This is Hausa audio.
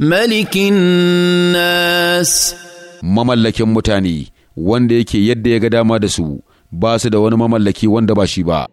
malikin nas. mamallakin mutane wanda yake yadda ya ga dama da su ba su da wani mamallaki wanda ba shi ba